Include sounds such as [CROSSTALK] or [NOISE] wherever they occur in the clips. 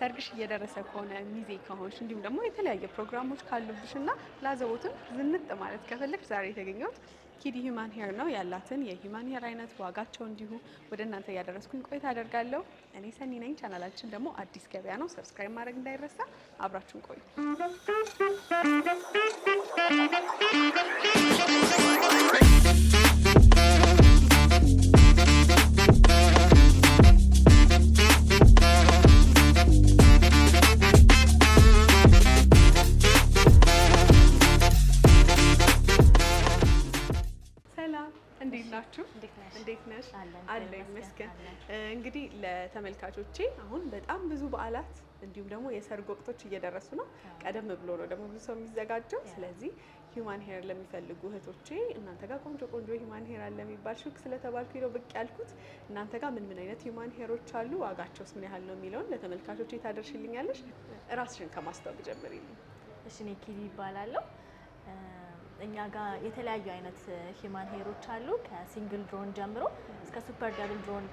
ሰርግሽ እየደረሰ ከሆነ ሚዜ ከሆንሽ እንዲሁም ደግሞ የተለያየ ፕሮግራሞች ካሉብሽ እና ላዘቦትም ዝንጥ ማለት ከፈለግሽ ዛሬ የተገኘሁት ኪዲ ሂማን ሄር ነው። ያላትን የሂማን ሄር አይነት ዋጋቸው እንዲሁ ወደ እናንተ እያደረስኩኝ ቆይታ አደርጋለሁ። እኔ ሰኒ ነኝ። ቻናላችን ደግሞ አዲስ ገበያ ነው። ሰብስክራይብ ማድረግ እንዳይረሳ። አብራችሁን ቆዩ። ናችሁ? እንዴት ነሽ? አለ ይመስገን። እንግዲህ ለተመልካቾቼ አሁን በጣም ብዙ በዓላት እንዲሁም ደግሞ የሰርግ ወቅቶች እየደረሱ ነው። ቀደም ብሎ ነው ደግሞ ብዙ ሰው የሚዘጋጀው። ስለዚህ ሂውማን ሄር ለሚፈልጉ እህቶቼ እናንተ ጋር ቆንጆ ቆንጆ ሂውማን ሄር አለ የሚባል ሹክ ስለተባልኩ ነው ብቅ ያልኩት። እናንተ ጋር ምን ምን አይነት ሂውማን ሄሮች አሉ፣ ዋጋቸውስ ምን ያህል ነው የሚለውን ለተመልካቾቼ ታደርሽልኛለሽ? እራስሽን ከማስታወቅ ጀምሪልኝ። እሺ፣ እኔ ኪሊ ይባላለሁ። እኛ ጋር የተለያዩ አይነት ሂማን ሄሮች አሉ። ከሲንግል ድሮን ጀምሮ እስከ ሱፐር ደብል ድሮን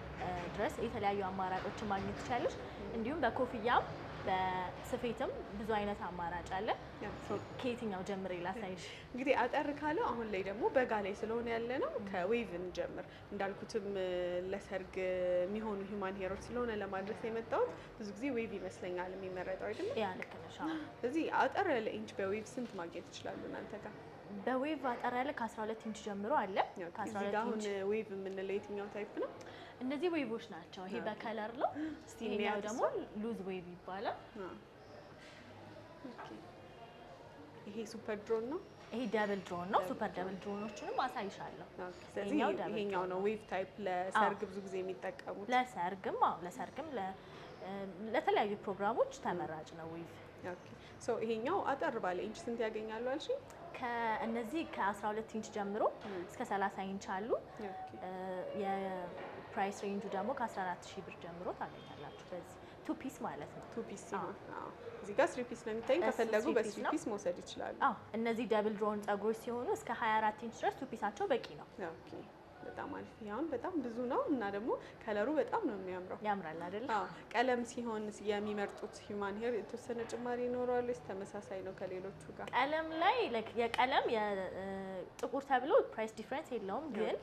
ድረስ የተለያዩ አማራጮችን ማግኘት ትችላለች። እንዲሁም በኮፍያም በስፌትም ብዙ አይነት አማራጭ አለ። ከየትኛው ጀምሬ ላሳይሽ? እንግዲህ አጠር ካለው አሁን ላይ ደግሞ በጋ ላይ ስለሆነ ያለ ነው ከዌቭን ጀምር እንዳልኩትም ለሰርግ የሚሆኑ ሂማን ሄሮች ስለሆነ ለማድረስ የመጣሁት ብዙ ጊዜ ዌቭ ይመስለኛል የሚመረጠው አይደለም? ያ አጠር ያለ ኢንች በዌቭ ስንት ማግኘት ይችላሉ እናንተ ጋር? በዌቭ አጠር ያለ ከ12 ኢንች ጀምሮ አለ። አሁን ዌቭ የምንለው የትኛው ታይፕ ነው? እነዚህ ዌቮች ናቸው። ይሄ በከለር ነው። [GASPS] ይሄኛው ደግሞ ሉዝ ዌቭ ይባላል። ይሄ ሱፐር ድሮን ነው። ይሄ ደብል ድሮን ነው። ሱፐር ደብል ድሮኖችንም አሳይሻለሁ። ይሄኛው ነው ዌቭ ታይፕ ለሰርግ ብዙ ጊዜ የሚጠቀሙት። ለሰርግም አዎ፣ ለሰርግም ለተለያዩ ፕሮግራሞች ተመራጭ ነው ዌቭ። ይሄኛው አጠር ባለ ኢንች ስንት ያገኛሉ አልሽኝ? ከእነዚህ ከ12 ኢንች ጀምሮ እስከ 30 ኢንች አሉ። የፕራይስ ሬንጁ ደግሞ ከ 14000 ብር ጀምሮ ታገኛላችሁ። በዚህ ቱ ፒስ ማለት ነው። ቱ ፒስ ሲሆን እዚህ ጋር ስሪ ፒስ ነው የሚታየኝ። ከፈለጉ በስሪ ፒስ መውሰድ ይችላሉ። አዎ እነዚህ ደብል ድሮን ጸጉሮች ሲሆኑ እስከ 24 ኢንች ድረስ ቱ ፒሳቸው በቂ ነው። ኦኬ በጣም አሪፍ አሁን በጣም ብዙ ነው እና ደግሞ ከለሩ በጣም ነው የሚያምረው። ያምራል አይደል? አዎ። ቀለም ሲሆን የሚመርጡት ሂማን ሄር የተወሰነ ጭማሪ ይኖረዋል ወይስ ተመሳሳይ ነው ከሌሎቹ ጋር? ቀለም ላይ የቀለም የጥቁር ተብሎ ፕራይስ ዲፍረንስ የለውም ግን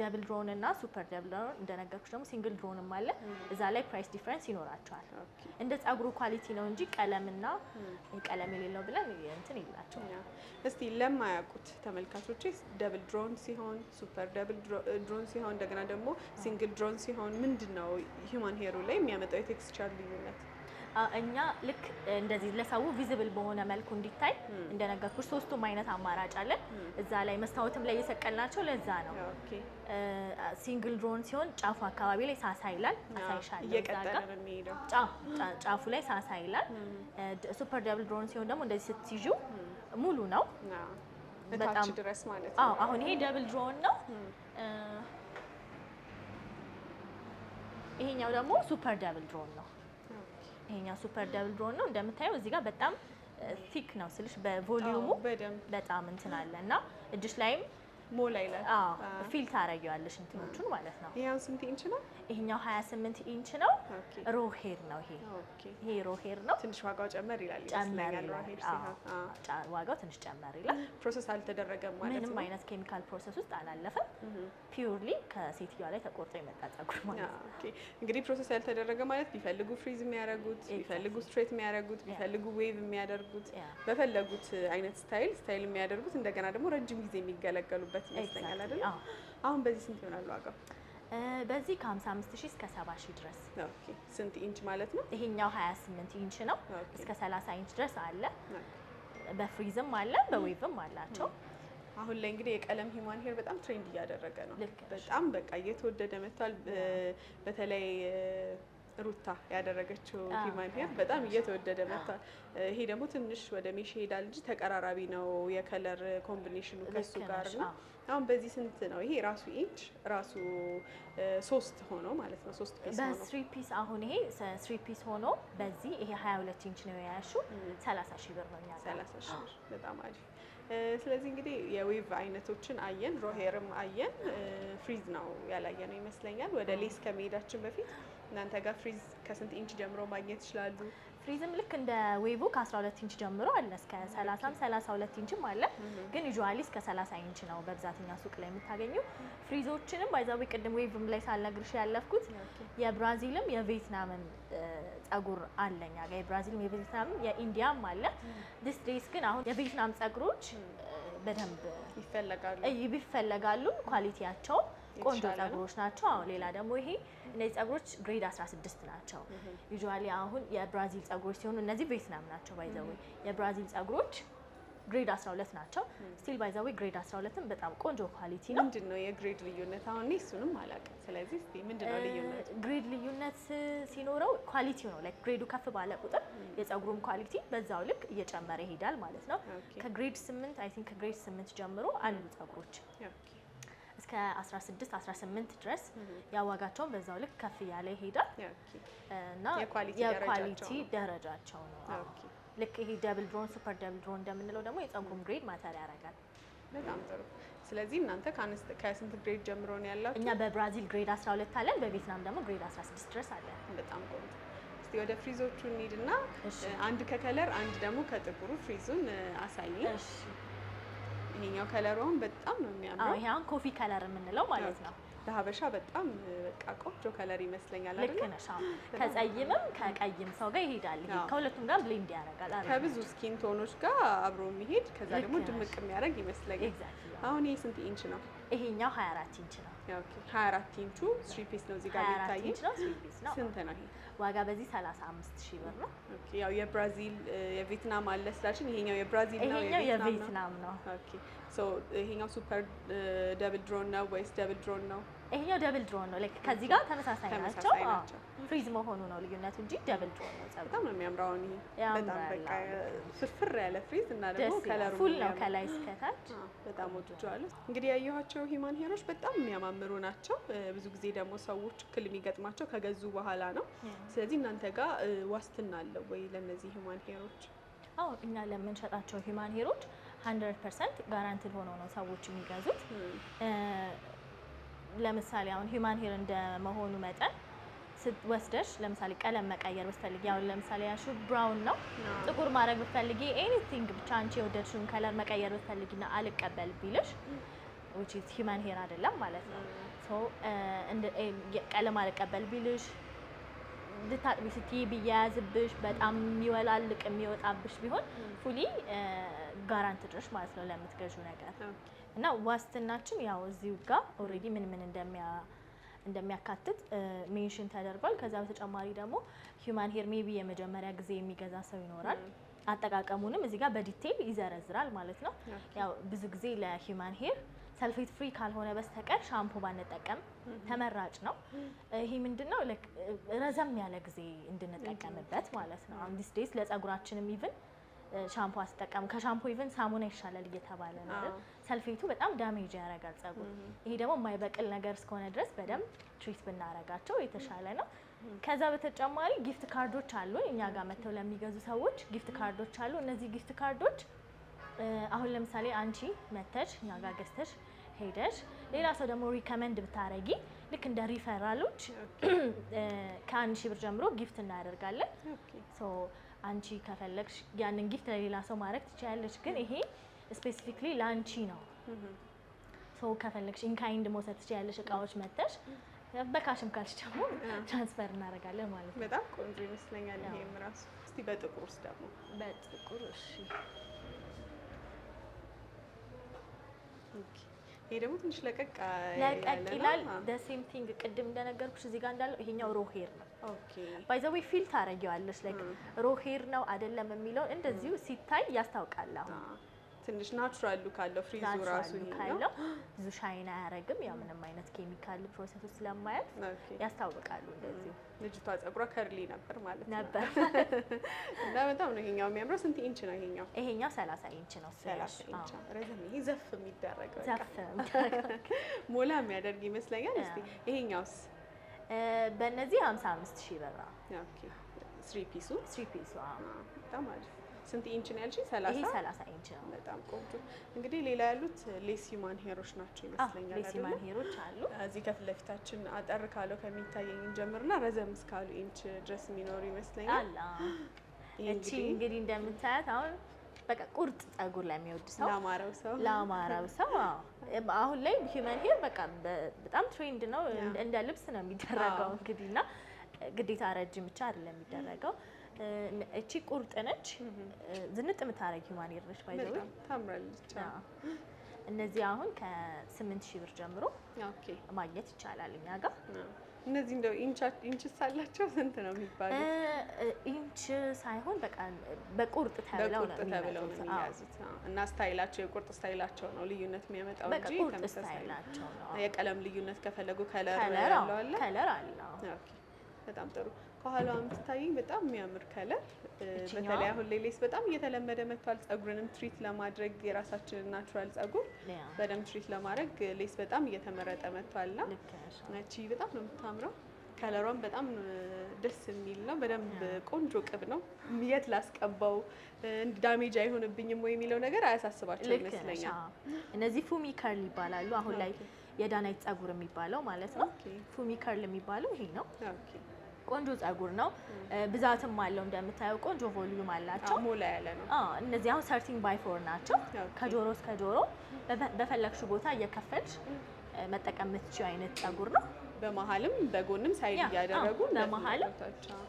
ደብል ድሮን እና ሱፐር ደብል ድሮን እንደነገርኩሽ ደግሞ ሲንግል ድሮንም አለ። እዛ ላይ ፕራይስ ዲፍረንስ ይኖራቸዋል። እንደ ጸጉሩ ኳሊቲ ነው እንጂ ቀለምና ቀለም የሌለው ብለን እንትን ይላቸው። እስቲ ለማያውቁት ተመልካቾች ደብል ድሮን ሲሆን፣ ሱፐር ደብል ድሮን ሲሆን፣ እንደገና ደግሞ ሲንግል ድሮን ሲሆን ምንድን ነው ሂማን ሄሩ ላይ የሚያመጣው የቴክስቸር ልዩነት? እኛ ልክ እንደዚህ ለሰው ቪዚብል በሆነ መልኩ እንዲታይ እንደነገርኩሽ ሶስቱም አይነት አማራጭ አለን። እዛ ላይ መስታወትም ላይ እየሰቀልናቸው ለዛ ነው። ሲንግል ድሮን ሲሆን ጫፉ አካባቢ ላይ ሳሳ ይላል፣ አሳይሻለሁ። ጫፉ ላይ ሳሳ ይላል። ሱፐር ደብል ድሮን ሲሆን ደግሞ እንደዚህ ስትይዡ ሙሉ ነው በጣም ድረስ ማለት ነው። አሁን ይሄ ደብል ድሮን ነው። ይሄኛው ደግሞ ሱፐር ደብል ድሮን ነው። ይሄኛው ሱፐር ደብል ድሮን ነው እንደምታየው እዚህ ጋር በጣም ቲክ ነው ስልሽ በቮሊዩሙ በጣም እንትን አለ እና እጅሽ ላይም ሞላ ይላል። ፊል ታረጊዋለሽ እንትኖቹን ማለት ነው። ይሄው ስንት ኢንች ነው? ይሄኛው 28 ኢንች ነው። ሮሄር ነው ይሄ። ይሄ ሮሄር ነው። ትንሽ ዋጋው ጨመር ይላል ይመስለኛል። ዋጋው ትንሽ ጨመር ይላል። ፕሮሰስ አልተደረገም ማለት ነው። ምንም አይነት ኬሚካል ፕሮሰስ ውስጥ አላለፈም። ፒውርሊ ከሴትዮዋ ላይ ተቆርጦ የመጣ ጸጉር ማለት ነው። ኦኬ እንግዲህ ፕሮሰስ ያልተደረገ ማለት ቢፈልጉ ፍሪዝ የሚያደርጉት፣ ቢፈልጉ ስትሬት የሚያደርጉት፣ ቢፈልጉ ዌቭ የሚያደርጉት፣ በፈለጉት አይነት ስታይል ስታይል የሚያደርጉት እንደገና ደግሞ ረጅም ጊዜ የሚገለገሉበት የሚያደርጉበት ይመስለኛል አይደል? አሁን በዚህ ስንት ይሆናል ዋጋው? በዚህ ከ55 ሺህ እስከ 70 ሺህ ድረስ። ኦኬ ስንት ኢንች ማለት ነው? ይሄኛው 28 ኢንች ነው። እስከ 30 ኢንች ድረስ አለ። በፍሪዝም አለ፣ በዌቭም አላቸው። አሁን ላይ እንግዲህ የቀለም ሂማን ሄር በጣም ትሬንድ እያደረገ ነው። በጣም በቃ እየተወደደ መጥቷል። በተለይ ሩታ ያደረገችው ሂማን ሄር በጣም እየተወደደ መጥቷል። ይሄ ደግሞ ትንሽ ወደ ሜሽ ይሄዳል እንጂ ተቀራራቢ ነው የከለር ኮምቢኔሽኑ ከሱ ጋር ነው። አሁን በዚህ ስንት ነው? ይሄ ራሱ ኢንች ራሱ ሶስት ሆኖ ማለት ነው። ሶስት ፒስ ሆኖ በስሪ ፒስ አሁን ይሄ ስሪ ፒስ ሆኖ በዚህ ይሄ 22 ኢንች ነው ያሹ 30 ሺህ ብር ነው ያለው። 30 ሺህ ብር በጣም አሪፍ። ስለዚህ እንግዲህ የዌቭ አይነቶችን አየን፣ ሮሄርም አየን። ፍሪዝ ነው ያላየ ይመስለኛል። ወደ ሌስ ከመሄዳችን በፊት እናንተ ጋር ፍሪዝ ከስንት ኢንች ጀምሮ ማግኘት ይችላሉ? ፍሪዝም ልክ እንደ ዌቡ ከ12 ኢንች ጀምሮ አለ እስከ 30 ም 32 ኢንችም አለ። ግን ዩዥዋሊ እስከ 30 ኢንች ነው በብዛትኛ ሱቅ ላይ የምታገኘው። ፍሪዞችንም ባይዛዊ ቅድም ዌብም ላይ ሳልነግርሽ ያለፍኩት የብራዚልም የቬትናምም ጸጉር አለኛ ጋር የብራዚልም የቬትናምም የኢንዲያም አለ። ዲስ ዴይስ ግን አሁን የቬትናም ጸጉሮች በደንብ ይፈለጋሉ ይፈለጋሉ ኳሊቲያቸውም ቆንጆ ጸጉሮች ናቸው። አሁን ሌላ ደግሞ ይሄ እነዚህ ጸጉሮች ግሬድ 16 ናቸው። ዩዥዋሊ አሁን የብራዚል ጸጉሮች ሲሆኑ እነዚህ ቬትናም ናቸው። ባይዘዌ የብራዚል ጸጉሮች ግሬድ 12 ናቸው። ስቲል ባይዛዊ ግሬድ 12ም በጣም ቆንጆ ኳሊቲ ነው። ምንድን ነው የግሬድ ልዩነት? አሁን እኔ እሱንም አላውቅም። ስለዚህ እስቲ ምንድን ነው ልዩነት? ግሬድ ልዩነት ሲኖረው ኳሊቲው ነው። ላይክ ግሬዱ ከፍ ባለ ቁጥር የጸጉሩም ኳሊቲ በዛው ልክ እየጨመረ ይሄዳል ማለት ነው። ከግሬድ 8 አይ ቲንክ ከግሬድ 8 ጀምሮ አሉ ጸጉሮች ኦኬ እስከ 16 18 ድረስ ያዋጋቸውን በዛው ልክ ከፍ እያለ ይሄዳል እና የኳሊቲ ደረጃቸው ነው። ልክ ይሄ ደብል ድሮን ሱፐር ደብል ድሮን እንደምንለው ደግሞ የፀጉሩም ግሬድ ማተር ያደርጋል። በጣም ጥሩ። ስለዚህ እናንተ ከስንት ግሬድ ጀምሮ ነው ያላችሁ? እኛ በብራዚል ግሬድ 12 አለን፣ በቪየትናም ደግሞ ግሬድ 16 ድረስ አለን። በጣም ቆንጆ። እስቲ ወደ ፍሪዞቹ እንሂድና አንድ ከከለር አንድ ደግሞ ከጥቁሩ ፍሪዙን አሳይ። ይሄኛው አሁን በጣም ነው የሚያምረው። ይሄ አሁን ኮፊ ከለር የምንለው ማለት ነው። ለሀበሻ በጣም በቃ ቆንጆ ከለር ይመስለኛል። ልክ ነሽ። ከጸይምም ከቀይም ሰው ጋር ይሄዳል። ይሄ ከሁለቱም ጋር ብሌንድ ያደርጋል። ከብዙ ስኪን ቶኖች ጋር አብሮ የሚሄድ ከዛ ደግሞ ድምቅ የሚያደርግ ይመስለኛል። አሁን ይሄ ስንት ኢንች ነው? ይሄኛው 24 ኢንች ነው። ኦኬ 24 ኢንቹ 3 ፒስ ነው። እዚህ ጋር የሚታይ ነው። 3 ፒስ ነው። ስንት ነው ይሄ? ዋጋ በዚህ 35 ሺህ ብር ነው። ኦኬ ያው የብራዚል የቪየትናም አለ ስላችን፣ ይሄኛው የብራዚል ነው፣ ይሄኛው የቪየትናም ነው። ኦኬ ሶ ይሄኛው ሱፐር ደብል ድሮን ነው ወይስ ደብል ድሮን ነው? ይሄኛው ደብል ድሮን ነው። ላይክ ከዚህ ጋር ተመሳሳይ ናቸው። ፍሪዝ መሆኑ ነው ልዩነቱ እንጂ ደብል ድሮን ነው። ጸጉር በጣም ነው የሚያምራው። እኔ በጣም በቃ ፍርፍር ያለ ፍሪዝ እና ደግሞ ከለሩ ፉል ነው ከላይ እስከ ታች በጣም ወድጄዋለሁ። እንግዲህ ያየኋቸው ሂማን ሄሮች በጣም የሚያማምሩ ናቸው። ብዙ ጊዜ ደግሞ ሰዎች እክል የሚገጥማቸው ከገዙ በኋላ ነው። ስለዚህ እናንተ ጋር ዋስትና አለው ወይ ለነዚህ ሂማን ሄሮች? አዎ እኛ ለምንሸጣቸው ሂማን ሄሮች 100% ጋራንትድ ሆኖ ነው ሰዎች የሚገዙት ለምሳሌ አሁን ሂማን ሄር እንደመሆኑ መጠን ወስደሽ ለምሳሌ ቀለም መቀየር ብትፈልጊ አሁን ለምሳሌ ያሹ ብራውን ነው ጥቁር ማድረግ ብትፈልጊ ኤኒቲንግ ብቻ አንቺ የወደድሽውን ከለር መቀየር ብትፈልጊ አልቀበል ቢልሽ ሂማን ሄር አይደለም ማለት ነው። uh, eh, ቀለም አልቀበል ቢልሽ ልታጥቢ ስትይ ብያያዝብሽ በጣም የሚወላልቅ የሚወጣብሽ ቢሆን ፉሊ ጋራንት ድረሽ ማለት ነው ለምትገዡ ነገር እና ዋስትናችን ያው እዚሁ ጋር ኦልሬዲ ምን ምን እንደሚያ እንደሚያካትት ሜንሽን ተደርጓል። ከዛ በተጨማሪ ደግሞ ሂውማን ሄር ሜቢ የመጀመሪያ ጊዜ የሚገዛ ሰው ይኖራል። አጠቃቀሙንም እዚህ ጋር በዲቴይል ይዘረዝራል ማለት ነው። ያው ብዙ ጊዜ ለሂውማን ሄር ሰልፌት ፍሪ ካልሆነ በስተቀር ሻምፖ ባንጠቀም ተመራጭ ነው። ይሄ ምንድነው ረዘም ያለ ጊዜ እንድንጠቀምበት ማለት ነው። አሁን ዲስ ዴይስ ለጸጉራችንም ኢቭን ሻምፖ አስጠቀም ከሻምፖ ኢቭን ሳሙና ይሻላል እየተባለ ነው። ሰልፌቱ በጣም ዳሜጅ ያደርጋል ጸጉር። ይሄ ደግሞ የማይበቅል ነገር እስከሆነ ድረስ በደንብ ትሪት ብናረጋቸው የተሻለ ነው። ከዛ በተጨማሪ ጊፍት ካርዶች አሉ። እኛ ጋር መጥተው ለሚገዙ ሰዎች ጊፍት ካርዶች አሉ። እነዚህ ጊፍት ካርዶች አሁን ለምሳሌ አንቺ መተሽ እኛ ጋር ገዝተሽ ሄደሽ ሌላ ሰው ደግሞ ሪከመንድ ብታረጊ ልክ እንደ ሪፈራሎች [CLEARS THROAT] ከአንድ ሺህ ብር ጀምሮ ጊፍት እናደርጋለን። አንቺ ከፈለግሽ ያንን ጊፍት ለሌላ ሰው ማድረግ ትችላለች፣ ግን ይሄ ስፔሲፊክሊ ለአንቺ ነው። ሰው ከፈለግሽ ኢንካይንድ መውሰድ ትችላለሽ። እቃዎች መተሽ በካሽም ካልሽ ደግሞ ትራንስፈር እናደርጋለን ማለት ነው። በጣም ቆንጆ ይመስለኛል። ይሄም ራሱ እስቲ በጥቁር ውስጥ ደግሞ በጥቁር እሺ ይሄ ደግሞ ትንሽ ለቀቅ ለቀቅ ይላል። ደሴም ቲንግ ቅድም እንደነገርኩሽ እዚህ ጋር እንዳለው ይሄኛው ሮሄር ሄር ነው። ኦኬ ባይ ዘ ዌይ ፊል ታረጊዋለሽ። ላይክ ሮ ነው አይደለም የሚለው እንደዚሁ ሲታይ ያስታውቃል አሁን ትንሽ ናቹራል ሉክ አለው ፍሪዙ ራሱ ካለው ብዙ ሻይን አያረግም። ያ ምንም አይነት ኬሚካል ፕሮሰስ ስለማያት ያስታውቃሉ። እንደዚህ ልጅቷ ጸጉሯ ከርሊ ነበር ማለት ነበር [LAUGHS] እና በጣም ነው ይሄኛው የሚያምረው። ስንት ኢንች ነው ይሄኛው? ይሄኛው 30 ኢንች ነው። 30 ኢንች ረዘም። ይሄ ዘፍ የሚደረግ ዘፍ [LAUGHS] ሞላ የሚያደርግ ይመስለኛል። እስቲ ይሄኛውስ? በእነዚህ 55 ሺህ ብር ነው። ኦኬ ስሪ ፒሱ ስሪ ፒሱ በጣም አሪፍ ስንት ኢንች ነው ያልሽኝ? ሰላሳ ሰላሳ ኢንች ነው። በጣም ቆንጆ። እንግዲህ ሌላ ያሉት ሌሲማን ሄሮች ናቸው ይመስለኛል። ሌሲማን ሄሮች አሉ። እዚህ ከፊት ለፊታችን አጠር ካለው ከሚታየኝ ጀምርና ረዘም እስካሉ ኢንች ድረስ የሚኖሩ ይመስለኛል። [GASPS] እቺ እንግዲህ እንደምታያት አሁን በቃ ቁርጥ ጸጉር ላይ የሚወድ ሰው ለአማረው ሰው ለአማረው [LAUGHS] ሰው አሁን ላይ ሂውመን ሄር በቃ በጣም ትሬንድ ነው። እንደ ልብስ ነው የሚደረገው እንግዲህ እና ግዴታ ረጅም ብቻ አይደለም የሚደረገው እቺ ቁርጥ ነች። ዝንጥ የምታረጊ ማኔር ነች። ባይዘው ታምራለች። እነዚህ አሁን ከስምንት ሺህ ብር ጀምሮ ማግኘት ይቻላል እኛ ጋር። እነዚህ እንደው ኢንች ሳላቸው ስንት ነው የሚባለው? ኢንች ሳይሆን በቃ በቁርጥ ተብለው ነው የሚያዙት እና ስታይላቸው የቁርጥ ስታይላቸው ነው ልዩነት የሚያመጣው እንጂ ቁርጥ ስታይላቸው ነው። የቀለም ልዩነት ከፈለጉ ከለር አለ። በጣም ጥሩ ከኋላ የምትታየኝ በጣም የሚያምር ከለር በተለይ አሁን ሌሌስ በጣም እየተለመደ መጥቷል። ጸጉርንም ትሪት ለማድረግ የራሳችንን ናቹራል ጸጉር በደንብ ትሪት ለማድረግ ሌስ በጣም እየተመረጠ ና ነቺ በጣም ነው የምታምረው። ከለሯን በጣም ደስ የሚል ነው። በደንብ ቆንጆ ቅብ ነው። የት ላስቀባው ዳሜጅ አይሆንብኝም ወይ የሚለው ነገር አያሳስባቸው ይመስለኛል። እነዚህ ፉሚ ከርል ይባላሉ። አሁን ላይ የዳናይት ጸጉር የሚባለው ማለት ነው። ፉሚ ከርል የሚባለው ይሄ ነው። ቆንጆ ጸጉር ነው። ብዛትም አለው እንደምታየው ቆንጆ ቮሊዩም አላቸው። ሞላ ያለ ነው። እነዚህ አሁን ሰርቲን ባይ ፎር ናቸው። ከጆሮ እስከ ጆሮ በፈለግሽ ቦታ እየከፈልሽ መጠቀም አይነት ጸጉር ነው። በመሀልም በጎንም ሳይድ እያደረጉ በመሀልም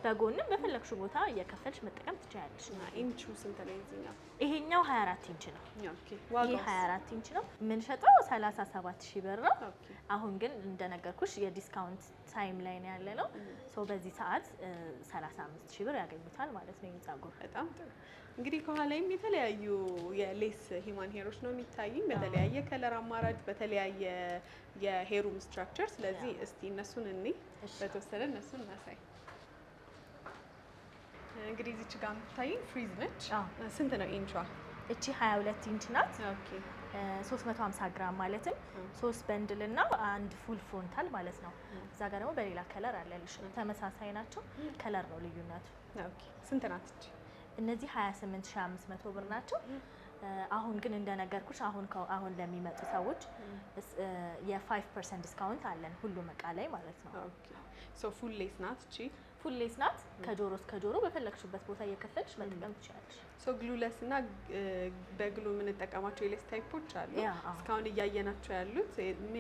በጎንም በፈለግሽ ቦታ እየከፈልሽ መጠቀም ትችያለሽ። ኢንቹ ስንት ነው ይሄኛው? ይሄኛው 24 ኢንች ነው። ዋጋው 24 ኢንች ነው። የምንሸጠው 37 ሺህ ብር ነው። አሁን ግን እንደነገርኩሽ የዲስካውንት ታይም ላይ ነው ያለ ነው። ሶ በዚህ ሰዓት 35 ሺህ ብር ያገኙታል ማለት ነው። ጸጉር በጣም ጥሩ እንግዲህ ከኋላይም የተለያዩ የሌስ ሂማን ሄሮች ነው የሚታይኝ በተለያየ ከለር አማራጭ፣ በተለያየ የሄሩም ስትራክቸር። ስለዚህ እስቲ እነሱን እኔ በተወሰነ እነሱን እናሳይ። እንግዲህ እዚች ጋር የምታይኝ ፍሪዝ ነች። ስንት ነው ኢንቿ? እቺ 22 ኢንች ናት። ኦኬ 350 ግራም ማለትም ሶስት በንድል እና አንድ ፉል ፍሮንታል ማለት ነው። እዛ ጋር ደግሞ በሌላ ከለር አለልሽ። ተመሳሳይ ናቸው፣ ከለር ነው ልዩነቱ። ስንት ናት? እነዚህ 28500 ብር ናቸው። አሁን ግን እንደነገርኩሽ አሁን አሁን ለሚመጡ ሰዎች የ5 ፐርሰንት ዲስካውንት አለን ሁሉም እቃ ላይ ማለት ነው። ፉል ሌስ ናት እቺ ፉሌስ ናት። ከጆሮ እስከ ጆሮ በፈለግሽበት ቦታ እየከፈልሽ መጠቀም ትችላለሽ። ሶ ግሉለስ እና በግሉ የምንጠቀማቸው የሌስ ታይፖች አሉ። እስካሁን እያየናቸው ያሉት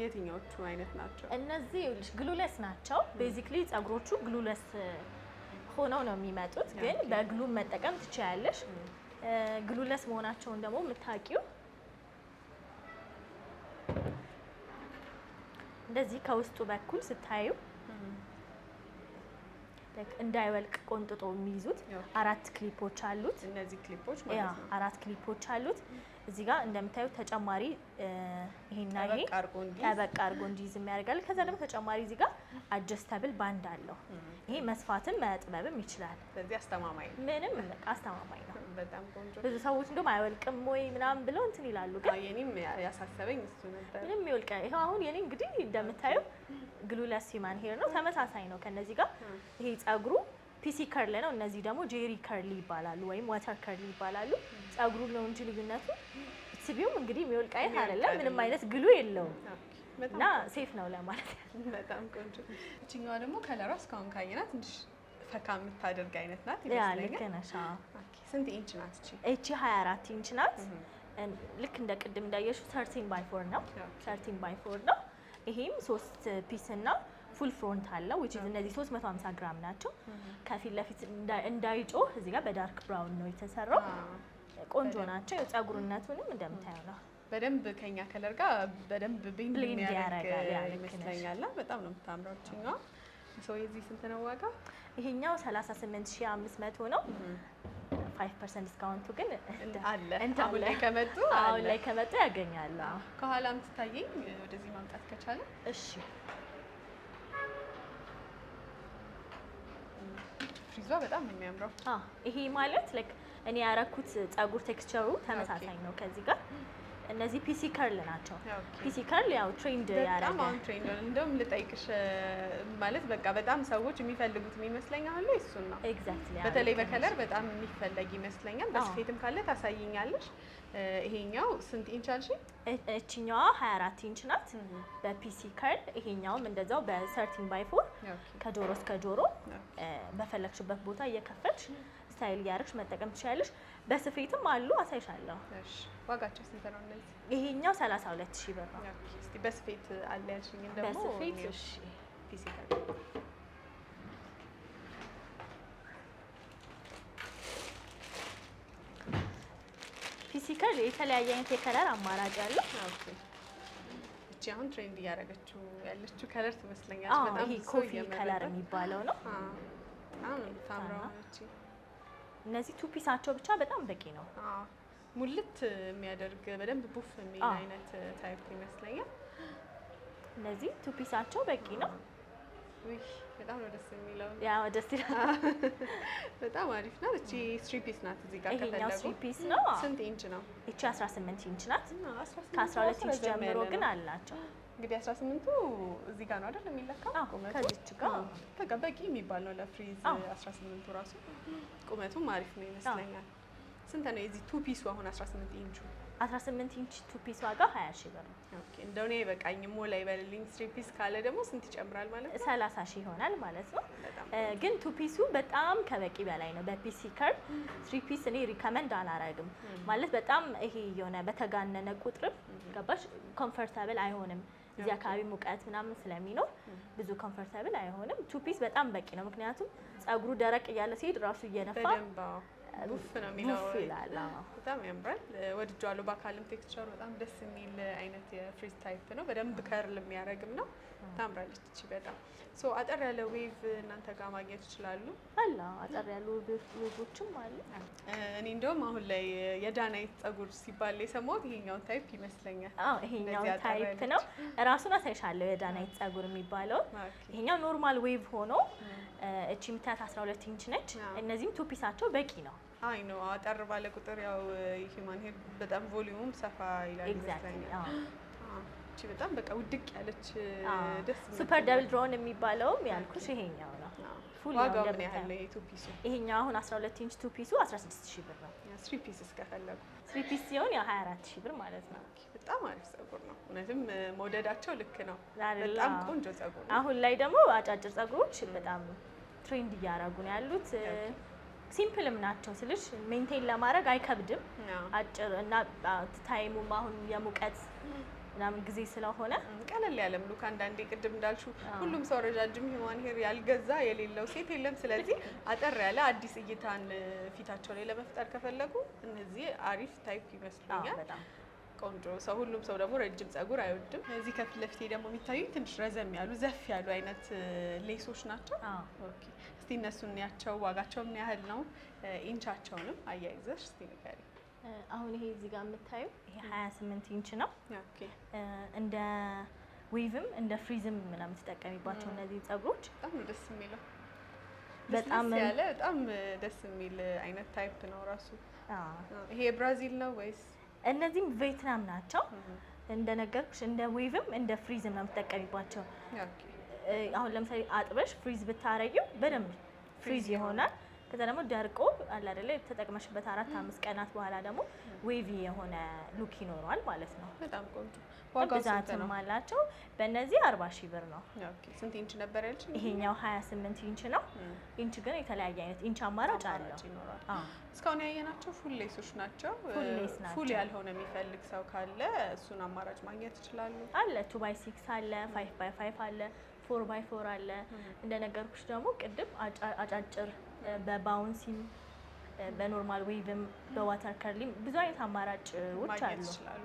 የትኛዎቹ አይነት ናቸው? እነዚህ ይኸውልሽ ግሉለስ ናቸው። ቤዚክሊ ጸጉሮቹ ግሉለስ ሆነው ነው የሚመጡት፣ ግን በግሉ መጠቀም ትችላለሽ። ግሉለስ መሆናቸውን ደግሞ የምታውቂው እንደዚህ ከውስጡ በኩል ስታዩ እንዳይወልቅ ቆንጥጦ የሚይዙት አራት ክሊፖች አሉት። እነዚህ ክሊፖች ማለት ነው። አራት ክሊፖች አሉት። እዚህ ጋር እንደምታዩት ተጨማሪ ይሄና ይሄ ጠበቅ አርጎ እንዲይዝ የሚያደርጋል። ከዛ ደግሞ ተጨማሪ እዚህ ጋር አጀስተብል ባንድ አለው። ይሄ መስፋትም መጥበብም ይችላል። ስለዚህ አስተማማኝ ነው። ምንም አስተማማኝ ነው። በጣም ቆንጆ። ብዙ ሰዎች እንደውም አይወልቅም ወይ ምናምን ብለው እንትን ይላሉ። ግን የኔም ያሳሰበኝ እሱ ነበር። ምንም ይወልቅ ይሄ አሁን የኔ እንግዲህ እንደምታዩ ግሉለስ ሂማን ሄር ነው። ተመሳሳይ ነው ከነዚህ ጋር። ይሄ ጸጉሩ ፒሲ ከርል ነው። እነዚህ ደግሞ ጄሪ ከርል ይባላሉ ወይም ዋተር ከርል ይባላሉ። ጸጉሩ ነው እንጂ ልዩነቱ ስቢውም እንግዲህ የሚወልቅ አይነት አይደለም። ምንም አይነት ግሉ የለውም እና ሴፍ ነው ለማለት በጣም ቆንጆ። እችኛዋ ደግሞ ከለሯ እስካሁን ካየናት ትንሽ ፈካ የምታደርግ አይነት ናት ይመስለኛል። ልክ ነሽ። ስንት ኢንች ናት እቺ? እቺ 24 ኢንች ናት። ልክ እንደ ቅድም እንዳየሽው ሰርቲን ባይ ፎር ነው። ሰርቲን ባይ ፎር ነው ይሄም ሶስት ፒስ እና ፉል ፍሮንት አለው which is እነዚህ 350 ግራም ናቸው። ከፊት ለፊት እንዳይጮህ እዚህ ጋር በዳርክ ብራውን ነው የተሰራው። ቆንጆ ናቸው። የፀጉርነቱንም እንደምታየው ነው። በደንብ ከኛ ከለር ጋር በደንብ ብሌንድ ያደርጋል ይመስለኛል። በጣም ነው የምታምረው እችኛዋ። ሰው የዚህ ስንት ነው ዋጋ? ይሄኛው 38500 ነው። ፋይቭ ፐርሰንት ዲስካውንቱ ግን አለ። አሁን ላይ ከመጡ አሁን ላይ ከመጡ ያገኛሉ። ከኋላም ትታየኝ ወደዚህ ማምጣት ከቻለ እሺ። ፍሪዟ በጣም ነው የሚያምረው። ይሄ ማለት ላይክ እኔ ያረኩት ጸጉር ቴክስቸሩ ተመሳሳይ ነው ከዚህ ጋር እነዚህ ፒሲ ከርል ናቸው። ፒሲ ከርል ያው ትሬንድ ያደረገ በጣም አሁን ትሬንድ ነው። እንደውም ልጠይቅሽ ማለት በቃ በጣም ሰዎች የሚፈልጉት የሚመስለኝ አሁን ላይ እሱን ነው። ኤግዛክትሊ በተለይ በከለር በጣም የሚፈለግ ይመስለኛል። በስፌትም ካለ ታሳይኛለሽ። ይሄኛው ስንት ኢንች አልሽ? እቺኛዋ 24 ኢንች ናት በፒሲ ከርል። ይሄኛውም እንደዛው በ13 ባይ 4 ከጆሮ እስከ ጆሮ በፈለግሽበት ቦታ እየከፈልሽ ስታይል እያደረግሽ መጠቀም ትችላለሽ። በስፌትም አሉ አሳይሻለሁ። እሺ ዋጋቸው ስንት ነው እነዚህ? ይሄኛው 32000 ብር ነው። በስፌት አለ ያልሽኝ ደግሞ በስፌት እሺ ፒሲ ከርል ሲከር የተለያየ አይነት የከለር አማራጭ አለ። እቺ አሁን ትሬንድ እያደረገችው ያለችው ከለር ትመስለኛለች። ይሄ ኮፊ ከለር የሚባለው ነው። እነዚህ ቱፒሳቸው ብቻ በጣም በቂ ነው። ሙልት የሚያደርግ በደንብ ቡፍ የሚል አይነት ታይፕ ይመስለኛል። እነዚህ ቱፒሳቸው በቂ ነው። በጣም ነው ደስ የሚለው። ያው ደስ ይላል። [LAUGHS] በጣም አሪፍ ናት። እቺ ስትሪ ፒስ ናት። እዚህ ጋር ከተለቀው ስትሪ ፒስ ነው። ስንት ኢንች ነው? እቺ 18 ኢንች ናት። ከ12 ኢንች ጀምሮ ግን አላቸው። እንግዲህ 18ቱ እዚህ ጋር ነው አይደል የሚለካው? ከዚች ጋር በቃ በቂ የሚባል ነው ለፍሪዝ 18ቱ ራሱ ቁመቱም አሪፍ ነው ይመስለኛል። ስንት ነው የዚህ ቱ ፒሱ አሁን 18 ኢንቹ 18 ኢንች ቱ ፒስ ዋጋ 20 ሺህ ብር ነው። ኦኬ እንደው እኔ በቃኝ ሞላ ይበልልኝ ስሪ ፒስ ካለ ደግሞ ስንት ይጨምራል ማለት ነው? 30 ሺህ ይሆናል ማለት ነው። ግን ቱ ፒሱ በጣም ከበቂ በላይ ነው። በፒሲ ከር ስሪ ፒስ እኔ ሪከመንድ አላረግም ማለት በጣም ይሄ የሆነ በተጋነነ ቁጥርም ገባሽ ኮምፎርታብል አይሆንም። እዚህ አካባቢ ሙቀት ምናምን ስለሚኖር ብዙ ኮምፎርታብል አይሆንም። ቱ ፒስ በጣም በቂ ነው። ምክንያቱም ፀጉሩ ደረቅ እያለ ሲሄድ ራሱ እየነፋ ቡፍ ነው የሚለው ይላል። በጣም ያምራል። በአካልም ቴክስቸሩ በጣም ደስ የሚል አይነት የፍሪዝ ታይፕ ነው። በደንብ ከርል የሚያደርግም ነው። ታምራለች እቺ በጣም ሶ አጠር ያለ ዌቭ እናንተ ጋር ማግኘት ይችላሉ። አላ አጠር ያሉ ዌቮችም እኔ እንደውም አሁን ላይ የዳናይት ጸጉር ሲባል የሰማሁት ይሄኛውን ታይፕ ይመስለኛል። አዎ ይሄኛው ታይፕ ነው። ራሱን አሳይሻለሁ የዳናይት ጸጉር የሚባለው ይሄኛው ኖርማል ዌቭ ሆኖ እቺ የምታያት 12 ኢንች ነች። እነዚህም ቱፒሳቸው በቂ ነው። አይ ነው አጠር ባለ ቁጥር ያው ሂውማን ሄር በጣም ቮሊዩም ሰፋ ይላል ይመስለኛል። እቺ በጣም በቃ ውድቅ ያለች ደስ ሱፐር ደብል ድሮን የሚባለውም ያልኩሽ ይሄኛው ነው። ዋጋው ምን ያህል ነው? የቱ ፒሱ ይሄኛው አሁን 12 ኢንች ቱ ፒሱ 16 ሺህ ብር ነው። ስሪ ፒስ እስከፈለጉ ስሪ ፒስ ሲሆን ያው 24 ሺህ ብር ማለት ነው። በጣም አሪፍ ጸጉር ነው። እውነትም መውደዳቸው ልክ ነው። በጣም ቆንጆ ጸጉር ነው። አሁን ላይ ደግሞ አጫጭር ጸጉሮች በጣም ትሬንድ እያደረጉ ነው ያሉት ሲምፕልም ናቸው ስልሽ ሜንቴን ለማድረግ አይከብድም። አጭር እና ታይሙም አሁን የሙቀት ምናምን ጊዜ ስለሆነ ቀለል ያለም ሉክ አንዳንዴ ቅድም እንዳልሹ ሁሉም ሰው ረጃጅም ሂማን ሄር ያልገዛ የሌለው ሴት የለም። ስለዚህ አጠር ያለ አዲስ እይታን ፊታቸው ላይ ለመፍጠር ከፈለጉ እነዚህ አሪፍ ታይፕ ይመስሉኛል። ቆንጆ ሰው ሁሉም ሰው ደግሞ ረጅም ጸጉር አይወድም። እዚህ ከፊት ለፊቴ ደግሞ የሚታዩ ትንሽ ረዘም ያሉ ዘፍ ያሉ አይነት ሌሶች ናቸው። እስቲ እነሱን ያቸው ዋጋቸው ምን ያህል ነው? ኢንቻቸውንም አያይዘሽ እስቲ ንገሪ። አሁን ይሄ እዚህ ጋር የምታዩ ይሄ 28 ኢንች ነው። እንደ ዌቭም እንደ ፍሪዝም ምናምን ትጠቀሚባቸው እነዚህ ጸጉሮች በጣም ደስ የሚለው በጣም ያለ በጣም ደስ የሚል አይነት ታይፕ ነው ራሱ። ይሄ ብራዚል ነው ወይስ እነዚህም ቬትናም ናቸው። እንደነገርኩሽ እንደ ዌቭም እንደ ፍሪዝም ነው የምትጠቀሚባቸው። አሁን ለምሳሌ አጥበሽ ፍሪዝ ብታረጊው በደንብ ፍሪዝ ይሆናል። ከዛ ደግሞ ደርቆ አለ አይደለ ተጠቅመሽበት አራት አምስት ቀናት በኋላ ደግሞ ዌቪ የሆነ ሉክ ይኖረዋል ማለት ነው። በጣም ቆንጆ ብዛትም አላቸው። በእነዚህ አርባ ሺህ ብር ነው። ስንት ኢንች ነበር ያልሽ? ይሄኛው ሀያ ስምንት ኢንች ነው። ኢንች ግን የተለያየ አይነት ኢንች አማራጭ አለው። እስካሁን ያየናቸው ፉል ሌሶች ናቸው። ፉል ያልሆነ የሚፈልግ ሰው ካለ እሱን አማራጭ ማግኘት ይችላሉ። አለ ቱ ባይ ሲክስ አለ፣ ፋይፍ ባይ ፋይፍ አለ፣ ፎር ባይ ፎር አለ። እንደነገርኩሽ ደግሞ ቅድም አጫጭር በባውንሲም በኖርማል ዌቭም በዋተር ከርሊም ብዙ አይነት አማራጮች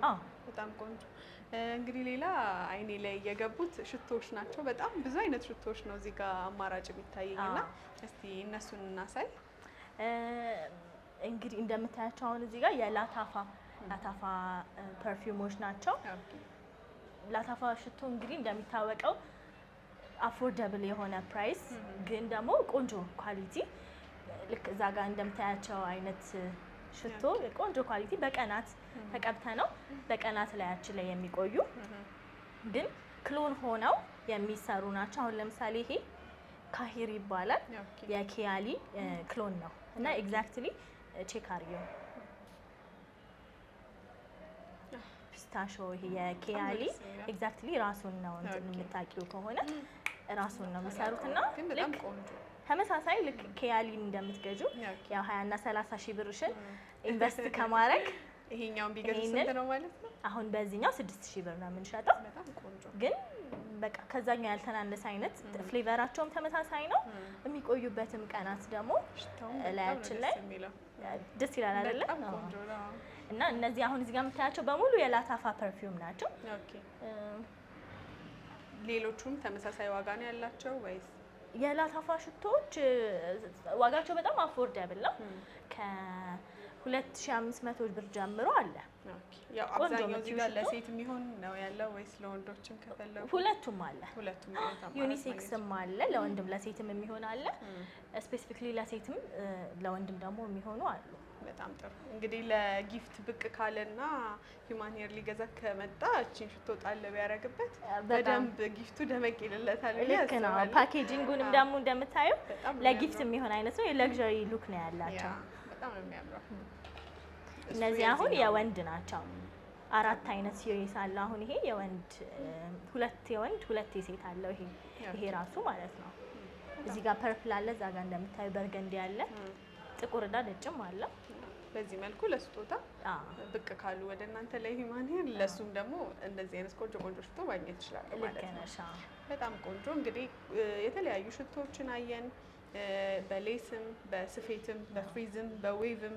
አሉ። በጣም ቆንጆ። እንግዲህ ሌላ አይኔ ላይ የገቡት ሽቶዎች ናቸው። በጣም ብዙ አይነት ሽቶዎች ነው እዚህ ጋር አማራጭ የሚታየኝ እና እስቲ እነሱን እናሳይ። እንግዲህ እንደምታያቸው አሁን እዚህ ጋር የላታፋ ላታፋ ፐርፊውሞች ናቸው። ላታፋ ሽቶ እንግዲህ እንደሚታወቀው አፎርደብል የሆነ ፕራይስ ግን ደግሞ ቆንጆ ኳሊቲ ልክ እዛ ጋር እንደምታያቸው አይነት ሽቶ ቆንጆ ኳሊቲ በቀናት ተቀብተ ነው በቀናት ላያችን ላይ የሚቆዩ ግን ክሎን ሆነው የሚሰሩ ናቸው። አሁን ለምሳሌ ይሄ ካሂር ይባላል የኪያሊ ክሎን ነው እና ኤግዛክትሊ ቼክ አርየው ፒስታሾ ይሄ የኬያሊ ኤግዛክትሊ ራሱን ነው እንትን የምታውቂው ከሆነ እራሱን ነው የሚሰሩት እና ልክ ተመሳሳይ ልክ ኬያሊን እንደምትገጁ ያው ሀያ እና ሰላሳ ሺህ ብርሽን ኢንቨስት ከማድረግ [LAUGHS] ይሄኛውን ቢገዙ ስንት ነው ማለት ነው? አሁን በዚህኛው ስድስት ሺህ ብር ነው የምንሸጠው። ግን በቃ ከዛኛው ያልተናነሰ አይነት ፍሌቨራቸውም ተመሳሳይ ነው። የሚቆዩበትም ቀናት ደግሞ እላያችን ላይ ደስ ይላል አይደለ? እና እነዚህ አሁን እዚህ ጋር የምታያቸው በሙሉ የላታፋ ፐርፊውም ናቸው። ሌሎቹም ተመሳሳይ ዋጋ ነው ያላቸው ወይስ? የላታፋ ሽቶዎች ዋጋቸው በጣም አፎርዳብል ነው። ከ2500 ብር ጀምሮ አለ። አብዛኛው ለሴት የሚሆን ነው ያለው ወይስ ለወንዶችም ከፈለጉ? ሁለቱም አለ። ዩኒሴክስም አለ፣ ለወንድም ለሴትም የሚሆን አለ። ስፔሲፊክሊ ለሴትም ለወንድም ደግሞ የሚሆኑ አሉ። በጣም ጥሩ እንግዲህ ለጊፍት ብቅ ካለና ሂማን ሄር ሊገዛ ከመጣ እቺን ሽቶ ጣል ቢያደርግበት በደንብ ጊፍቱ ደመቅ ይልለታል። ልክ ነው። ፓኬጂንጉንም ደግሞ እንደምታየው ለጊፍት የሚሆን አይነት ነው። የለግዠሪ ሉክ ነው ያላቸው። እነዚህ አሁን የወንድ ናቸው። አራት አይነት ሲሪስ አለ። አሁን ይሄ የወንድ ሁለት የወንድ ሁለት የሴት አለው። ይሄ ይሄ ራሱ ማለት ነው። እዚህ ጋር ፐርፕል አለ፣ እዛ ጋር እንደምታዩ በርገንዲ አለ፣ ጥቁርና ነጭም አለው። በዚህ መልኩ ለስጦታ ብቅ ካሉ ወደ እናንተ ላይ ሂማን ሄር ለእሱም ደግሞ እንደዚህ አይነት ቆንጆ ቆንጆ ሽቶ ማግኘት ይችላሉ ማለት ነው። በጣም ቆንጆ እንግዲህ የተለያዩ ሽቶዎችን አየን። በሌስም በስፌትም በፍሪዝም በዌቭም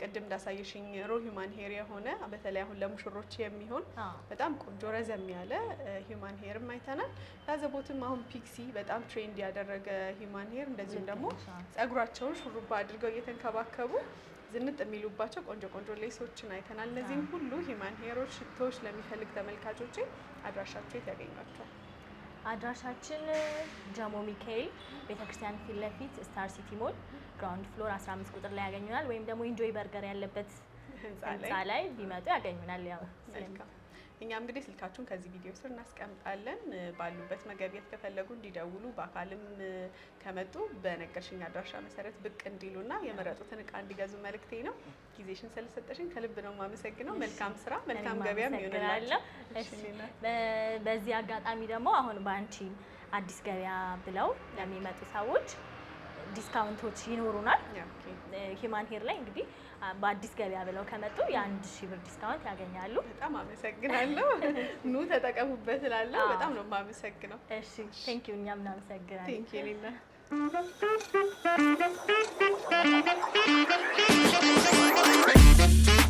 ቅድም እንዳሳየሽኝ ሮ ሂማን ሄር የሆነ በተለይ አሁን ለሙሽሮች የሚሆን በጣም ቆንጆ ረዘም ያለ ሂማን ሄርም አይተናል። ታዘቦትም አሁን ፒክሲ በጣም ትሬንድ ያደረገ ሂማን ሄር እንደዚሁም ደግሞ ጸጉራቸውን ሹሩባ አድርገው እየተንከባከቡ ዝንጥ የሚሉባቸው ቆንጆ ቆንጆ ሌሶችን አይተናል። እነዚህም ሁሉ ሂማን ሄሮች ሽቶዎች ለሚፈልግ ተመልካቾች አድራሻቸው የት ያገኟቸዋል? አድራሻችን ጀሞ ሚካኤል ቤተክርስቲያን ፊት ለፊት ስታር ሲቲ ሞል ግራውንድ ፍሎር 15 ቁጥር ላይ ያገኙናል። ወይም ደግሞ ኢንጆይ በርገር ያለበት ህንፃ ላይ ቢመጡ ያገኙናል። ያው እኛም እንግዲህ ስልካችሁን ከዚህ ቪዲዮ ስር እናስቀምጣለን። ባሉበት መገብየት ከፈለጉ እንዲደውሉ፣ በአካልም ከመጡ በነገርሽኝ አድራሻ መሰረት ብቅ እንዲሉና የመረጡትን እቃ እንዲገዙ መልእክቴ ነው። ጊዜሽን ስለሰጠሽኝ ከልብ ነው የማመሰግነው። መልካም ስራ፣ መልካም ገበያም ይሆንላችሁ። በዚህ አጋጣሚ ደግሞ አሁን በአንቺ አዲስ ገበያ ብለው ለሚመጡ ሰዎች ዲስካውንቶች ይኖሩናል። ሂማን ሄር ላይ እንግዲህ በአዲስ ገበያ ብለው ከመጡ የአንድ ሺህ ብር ዲስካውንት ያገኛሉ። በጣም አመሰግናለሁ። [LAUGHS] ኑ ተጠቀሙበት እላለሁ። በጣም ነው የማመሰግነው። እሺ ቴንክ ዩ። እኛም እናመሰግናለን። ቴንክ ዩ